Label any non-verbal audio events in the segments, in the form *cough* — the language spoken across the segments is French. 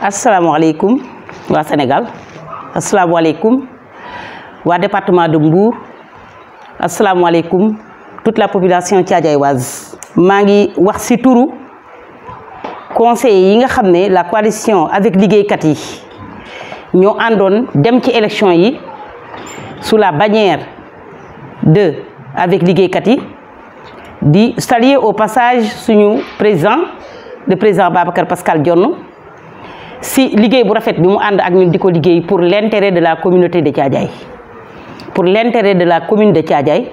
assalamu au Sénégal alaikum, wa département de Mbour alaikum, toute la population qui Je ngi wax ci turu la coalition avec l'IGE kati Nous avons dem ci élection sous la bannière de avec kati Kati. di saluer au passage suñu président le président Babacar Pascal Dione si liggéey bu rafet bi mu ànd ak ñun di ko liggéey pour l'intérêt de la communauté de Thiadiaye pour l'intérêt de la commune de Thiadiaye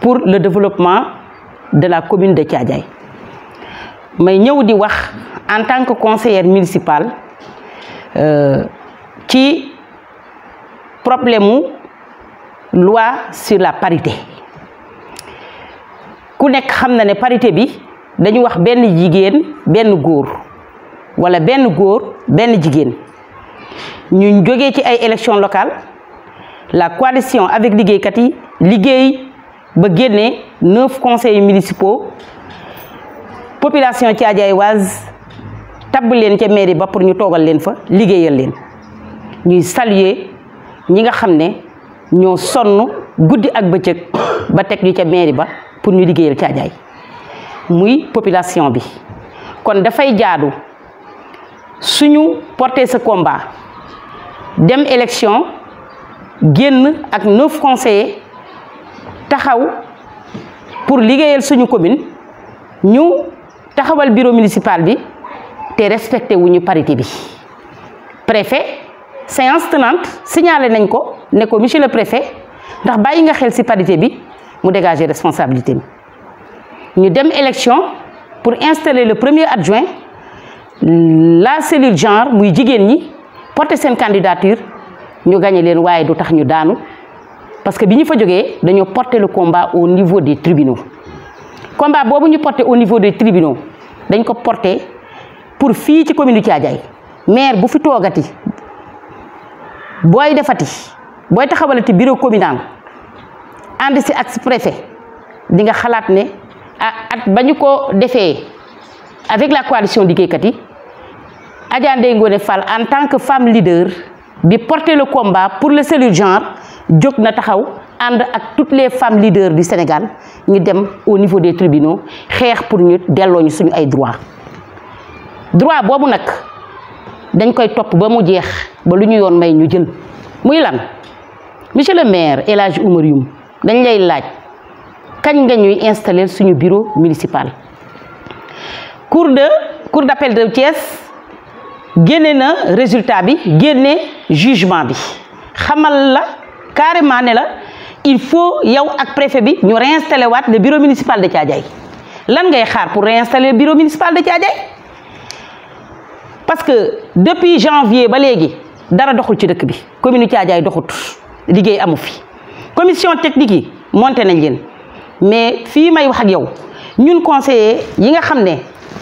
pour le développement de la commune de Thiadiaye may ñëw di wax en tant que conseillère municipale euh, ci problème mu loi sur la parité ku nekk xam na ne parité bi dañu wax benn jigéen benn góor wala benn góor benn jigéen ñu jóge ci ay élections locale la coalition avec liggéeykat yi liggéey ba génnee neuf conseillers municipaux population Thiadiaye Oise tabb leen ca mairie ba pour ñu toogal leen fa liggéeyal leen ñuy saluer ñi nga xam ne ñoo sonn guddi ak bëccëg ba teg ñu ca mairie ba pour ñu liggéeyal Thiadiaye muy population bi kon dafay jaadu. suñu porter ce combat dem élection génn ak neuf conseillers taxaw pour liggéeyal suñu commune ñu taxawal bureau municipal bi te respecté wuñu parité bi préfet séance tenante signalé nañ ko ne ko monsieur le préfet ndax bàyyi nga xel ci parité bi mu dégager responsabilité Nous ñu dem élection pour installer le premier adjoint la cellule genre muy jigen ñi porter sen candidature ñu gagné len waye du tax ñu daanu parce que biñu fa joggé dañu porter le combat au niveau des tribunaux combat bobu ñu porter au niveau des tribunaux dañ ko porter pour fi ci commune Thiadiaye maire bu fi toogati boy defati boy taxawalati bureau communal ànd si ak préfet di nga xalat ne ah, at bañu ko défé avec la coalition du Kekati, Adjane Ngone en tant que femme leader de porter le combat pour le genre Djok na toutes les femmes leaders du Sénégal au niveau des tribunaux pour nous, delloo droit droit c'est ce dañ koy top ba mu jeex ba lan le maire elage Oumar Youm dañ lay laaj nga bureau municipal cour de cour d'appel de Thiès génne na résultat bi génne jugement bi xamal la carrément la il faut yow ak préfet bi ñu réinstaller waat le bureau municipal de Thiadiaye lan ngay xaar pour réinstaller le bureau municipal de Thiadiaye parce que depuis janvier ba légui dara doxul ci dëkk bi commune Thiadiaye doxut liggéey amu fi commission technique yi monté nañ leen mais fi may wax ak yow ñun conseiller yi nga xamné ne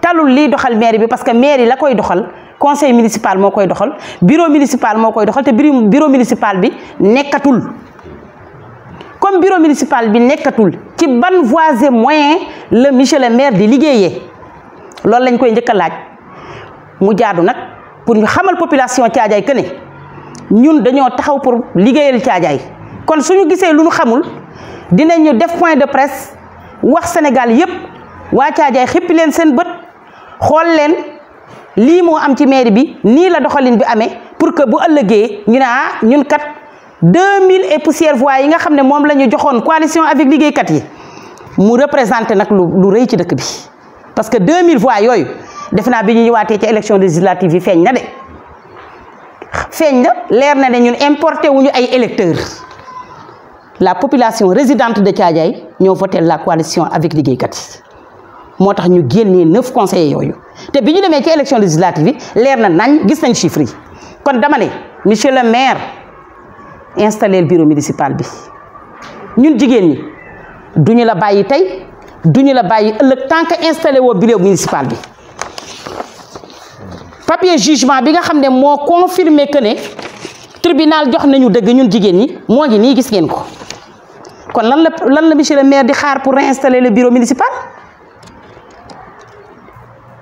talul li doxal maire bi parce que maire la koy doxal conseil municipal mokoy doxal bureau municipal mokoy doxal te bureau municipal bi nekatul comme bureau municipal bi nekatul ci ban voies et le monsieur le maire di liggéeyee lolou lañ koy njëkk laaj mu jaadu nak pour ñu xamal population Thiadiaye que ne ñun dañoo taxaw pour liggéeyal Thiadiaye kon suñu gisé luñu ñu xamul dinañu def point de presse wax Sénégal yépp waa Thiadiaye xippi leen seen bët xool leen lii moo am ci mairie bi nii la doxalin bi amee pour que bu ëllëgee ñu ne ah ñun kat 2000 et poussière voix yi nga xam ne moom la ñu joxoon coalition avec liggéeykat yi mu représenté nag lu lu rëy ci dëkk bi parce que 2000 voix yooyu def naa bi ñu ñëwaatee ci élection législative yi feeñ na de feeñ na leer na ne ñun importé wuñu ay électeurs la population résidente de Thiadiaye ñoo voté la coalition avec liggéeykat yi motax ñu génnee neuf conseillers yoyu té biñu démé ci élection législative yi leer na nañ gis nañ chiffres yi kon dama né monsieur le maire le bureau municipal bi ñun jigen ñi duñu la bayyi tay duñu la bayyi ëlëk tank que installé woo bureau municipal bi papier jugement bi nga xamné mo confirmer confirmé que ne tribunal jox nañu dëgg ñun jigen ñi mo ngi ni gis ngeen ko kon lan la lan la monsieur le maire di xaar pour réinstaller le bureau municipal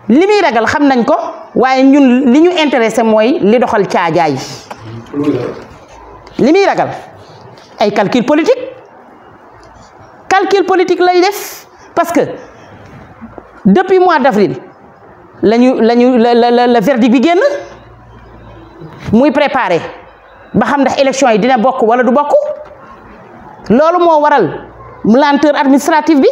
li muy ragal xam nañ ko waaye ñun li ñu intéressé mooy li doxal caajaay li muy ragal ay calcul politique calcul politique lay def parce que depuis mois d'avril la lañu la la la verdi bi génn muy préparé ba xam ndax élection yi dina bokk wala du bokk loolu moo waral lenteur administrative bi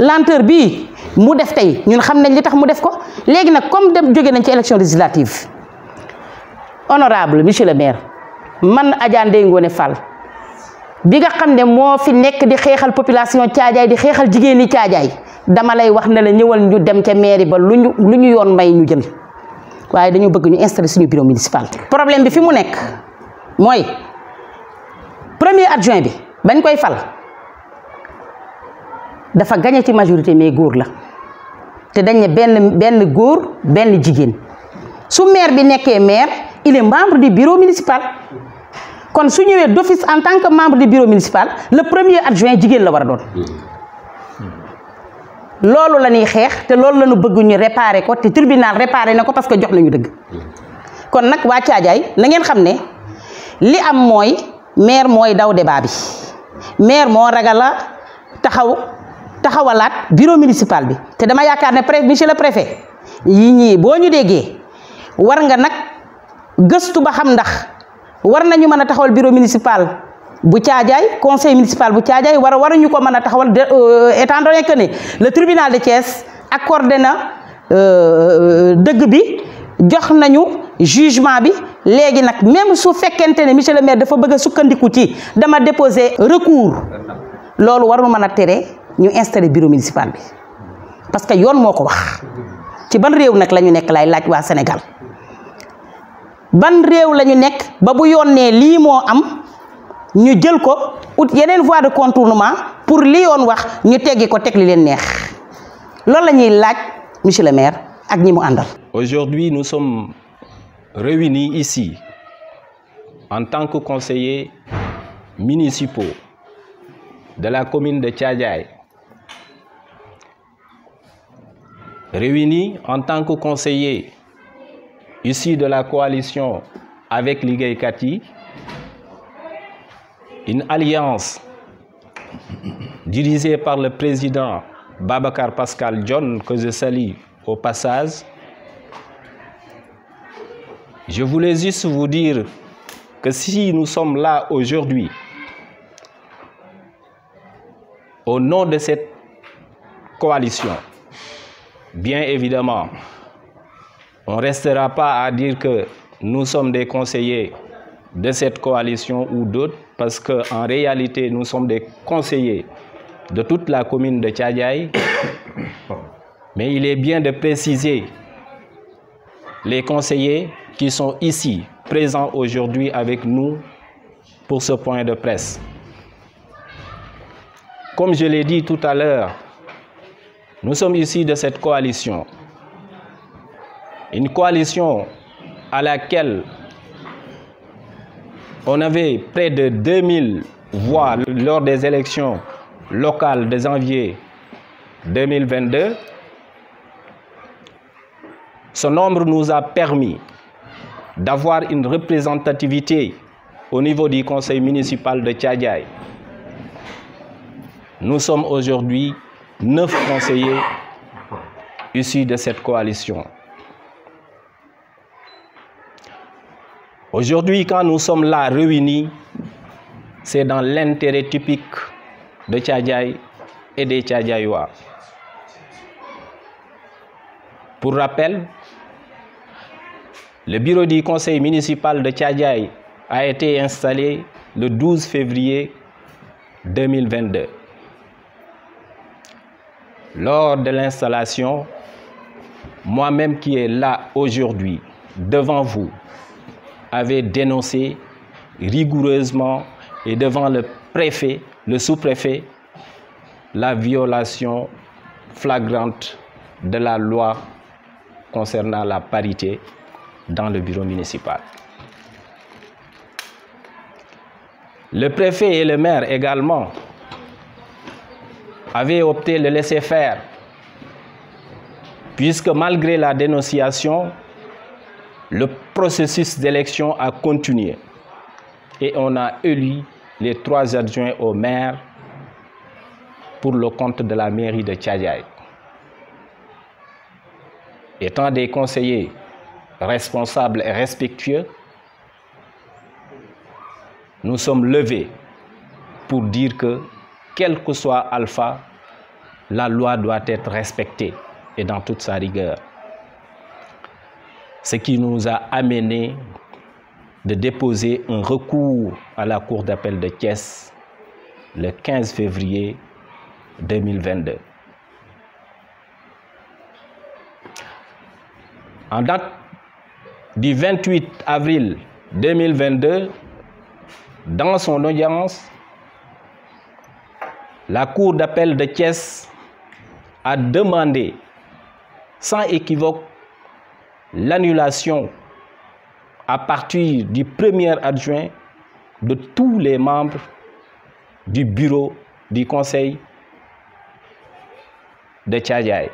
lenteur bii mu def tey ñun xam nañ li tax mu def ko léegi nag comme dem jóge nañ ci élection législative honorable monsieur le maire man Adja Ndeye Ngone Fall bi nga xam ne moo fi nekk di xeexal population Caajaay di xeexal jigéen ñi Caajaay dama lay wax ne la ñëwal ñu dem ca mairie ba lu ñu lu ñu yoon may ñu jël waaye dañu bëgg ñu installer suñu bureau municipal. problème bi fi mu nekk mooy premier adjoint bi bañ koy fal dafa gañe ci majorité mais góor la. te dañ ne benn benn góor benn jigéen su maire bi nekkee maire il membre du bureau municipal kon su ñëwee d'office en tant que membre du bureau municipal le premier adjoint jigéen la war a doon loolu la ñuy xeex te loolu la ñu bëgg ñu réparer ko te tirbinal réparer na ko parce que jox nañu dëgg kon nag waa Caajaay na ngeen xam ne li am mooy maire mooy daw débat bi maire moo ragal a taxaw taxawalat bureau municipal bi té dama yaakaar ne monsieur le préfet yi ñii boo ñu déggee war nga nak geustu ba xam ndax war nañu mëna taxawal bureau municipal bu tiajay conseil municipal bu tiajay war waruñu ko mëna taxawal euh, étant donné que ne le tribunal de Thiès accordé na euh deug bi jox nañu jugement bi légui nak même su fekkente ne monsieur le maire dafa bëgg sukkandiku ci dama déposé recours loolu warul mën téré ñu installé bureau municipal bi parce que yone que je wax ci ban réew nak lañu nek lay laaj wa Sénégal ban réew lañu nek ba bu yoon li mo am ñu jël ko ut yenen voie de contournement pour li yone wax ñu teggi ko teg li leen neex lool lañuy laaj monsieur le maire ak ñi mu àndal. Aujourd'hui, nous sommes réunis ici en tant que conseillers municipaux de la commune de Tchadjaï. réunis en tant que conseillers ici de la coalition avec Ligue une alliance dirigée par le président Babacar Pascal John, que je salue au passage. Je voulais juste vous dire que si nous sommes là aujourd'hui, au nom de cette coalition, Bien évidemment, on ne restera pas à dire que nous sommes des conseillers de cette coalition ou d'autres, parce qu'en réalité, nous sommes des conseillers de toute la commune de Tchadiaï. *coughs* Mais il est bien de préciser les conseillers qui sont ici, présents aujourd'hui avec nous pour ce point de presse. Comme je l'ai dit tout à l'heure, nous sommes ici de cette coalition. Une coalition à laquelle on avait près de 2000 voix lors des élections locales de janvier 2022. Ce nombre nous a permis d'avoir une représentativité au niveau du conseil municipal de Tchadjaï. Nous sommes aujourd'hui neuf conseillers issus de cette coalition. Aujourd'hui, quand nous sommes là réunis, c'est dans l'intérêt typique de Tchadjaï et des Tchadjaïois. Pour rappel, le bureau du conseil municipal de Tchadjaï a été installé le 12 février 2022. Lors de l'installation, moi-même qui est là aujourd'hui, devant vous, avait dénoncé rigoureusement et devant le préfet, le sous-préfet, la violation flagrante de la loi concernant la parité dans le bureau municipal. Le préfet et le maire également avait opté le laisser faire, puisque malgré la dénonciation, le processus d'élection a continué et on a élu les trois adjoints au maire pour le compte de la mairie de Tchadiaï. Étant des conseillers responsables et respectueux, nous sommes levés pour dire que quel que soit alpha, la loi doit être respectée et dans toute sa rigueur. Ce qui nous a amené de déposer un recours à la Cour d'appel de caisse le 15 février 2022. En date du 28 avril 2022, dans son audience, la Cour d'appel de Thiès a demandé sans équivoque l'annulation à partir du premier adjoint de tous les membres du bureau du conseil de Tchadjaï.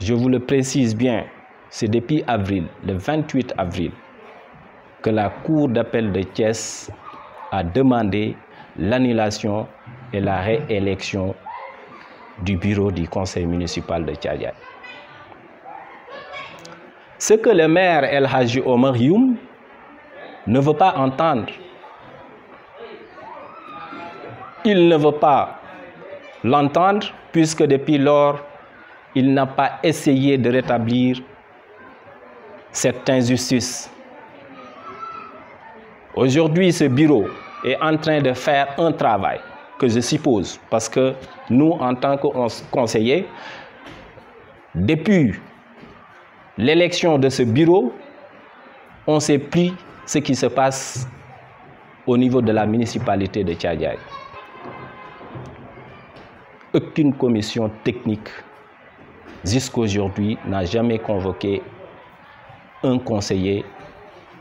Je vous le précise bien, c'est depuis avril, le 28 avril, que la Cour d'appel de Thiès a demandé l'annulation et la réélection du bureau du conseil municipal de Tchadjad. Ce que le maire El Haji Omar ne veut pas entendre, il ne veut pas l'entendre puisque depuis lors, il n'a pas essayé de rétablir cette injustice Aujourd'hui, ce bureau est en train de faire un travail que je suppose, parce que nous, en tant que conseillers, depuis l'élection de ce bureau, on ne sait plus ce qui se passe au niveau de la municipalité de Tchadjaï. Aucune commission technique jusqu'aujourd'hui n'a jamais convoqué un conseiller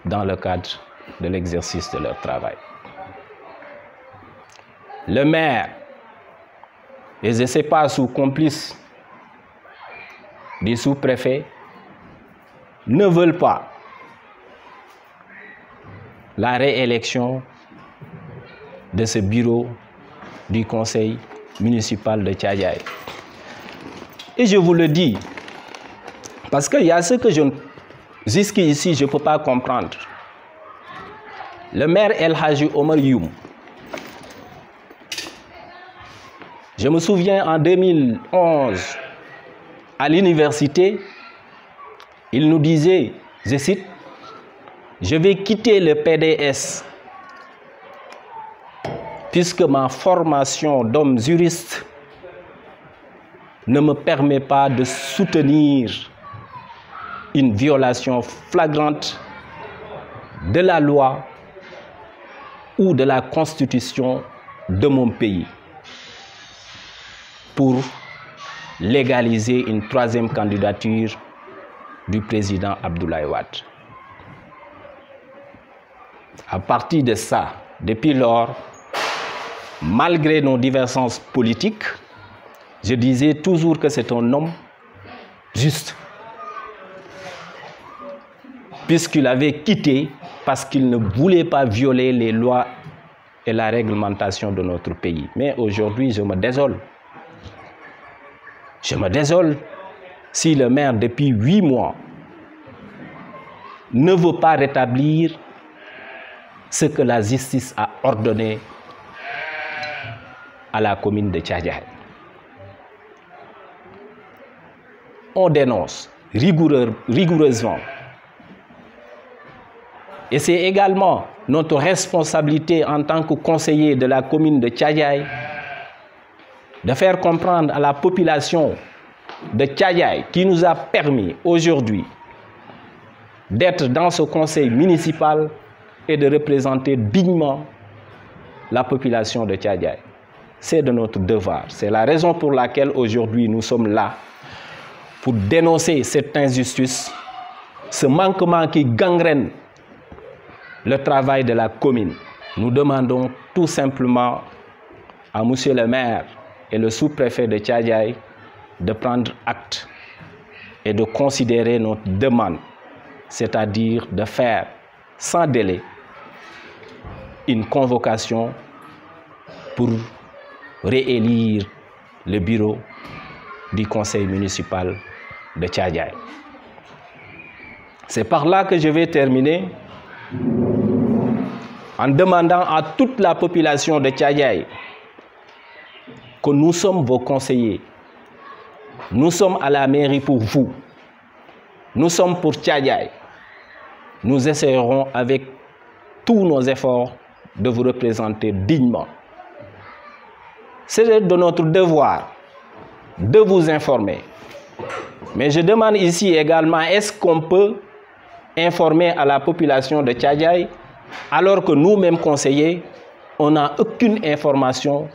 dans le cadre de l'exercice de leur travail. Le maire, et pas ou complices des sous-préfets ne veulent pas la réélection de ce bureau du conseil municipal de Tchadjaï. Et je vous le dis, parce qu'il y a ce que je... Jusqu'ici, je ne peux pas comprendre le maire El Haji Omar Youm. Je me souviens en 2011, à l'université, il nous disait, je cite, je vais quitter le PDS puisque ma formation d'homme juriste ne me permet pas de soutenir une violation flagrante de la loi ou de la constitution de mon pays pour légaliser une troisième candidature du président Abdoulaye Wade. À partir de ça, depuis lors, malgré nos divergences politiques, je disais toujours que c'est un homme juste, puisqu'il avait quitté parce qu'il ne voulait pas violer les lois et la réglementation de notre pays. Mais aujourd'hui, je me désole. Je me désole si le maire, depuis huit mois, ne veut pas rétablir ce que la justice a ordonné à la commune de Tchadjahé. On dénonce rigoureusement et c'est également notre responsabilité en tant que conseiller de la commune de Tchadjaï de faire comprendre à la population de Tchadjaï qui nous a permis aujourd'hui d'être dans ce conseil municipal et de représenter dignement la population de Tchadjaï. C'est de notre devoir. C'est la raison pour laquelle aujourd'hui nous sommes là pour dénoncer cette injustice, ce manquement qui gangrène le travail de la commune. Nous demandons tout simplement à Monsieur le maire et le sous-préfet de Tchadjaï de prendre acte et de considérer notre demande, c'est-à-dire de faire sans délai une convocation pour réélire le bureau du conseil municipal de Tchadjaï. C'est par là que je vais terminer en demandant à toute la population de Tchadiaï que nous sommes vos conseillers. Nous sommes à la mairie pour vous. Nous sommes pour Tchadiaï. Nous essaierons avec tous nos efforts de vous représenter dignement. C'est de notre devoir de vous informer. Mais je demande ici également, est-ce qu'on peut informer à la population de Tchadiaï alors que nous-mêmes conseillers, on n'a aucune information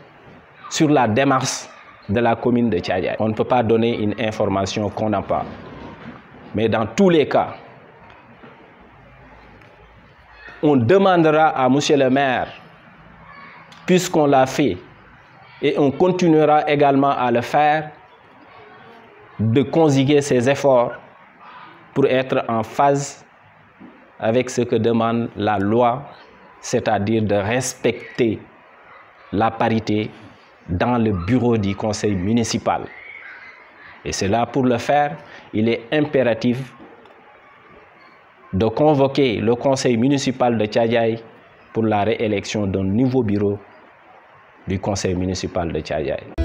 sur la démarche de la commune de Tchadiaï. On ne peut pas donner une information qu'on n'a pas. Mais dans tous les cas, on demandera à Monsieur le maire, puisqu'on l'a fait, et on continuera également à le faire, de consiguer ses efforts pour être en phase avec ce que demande la loi, c'est-à-dire de respecter la parité dans le bureau du conseil municipal. Et cela, pour le faire, il est impératif de convoquer le conseil municipal de Tchadjaï pour la réélection d'un nouveau bureau du conseil municipal de Tchadjaï.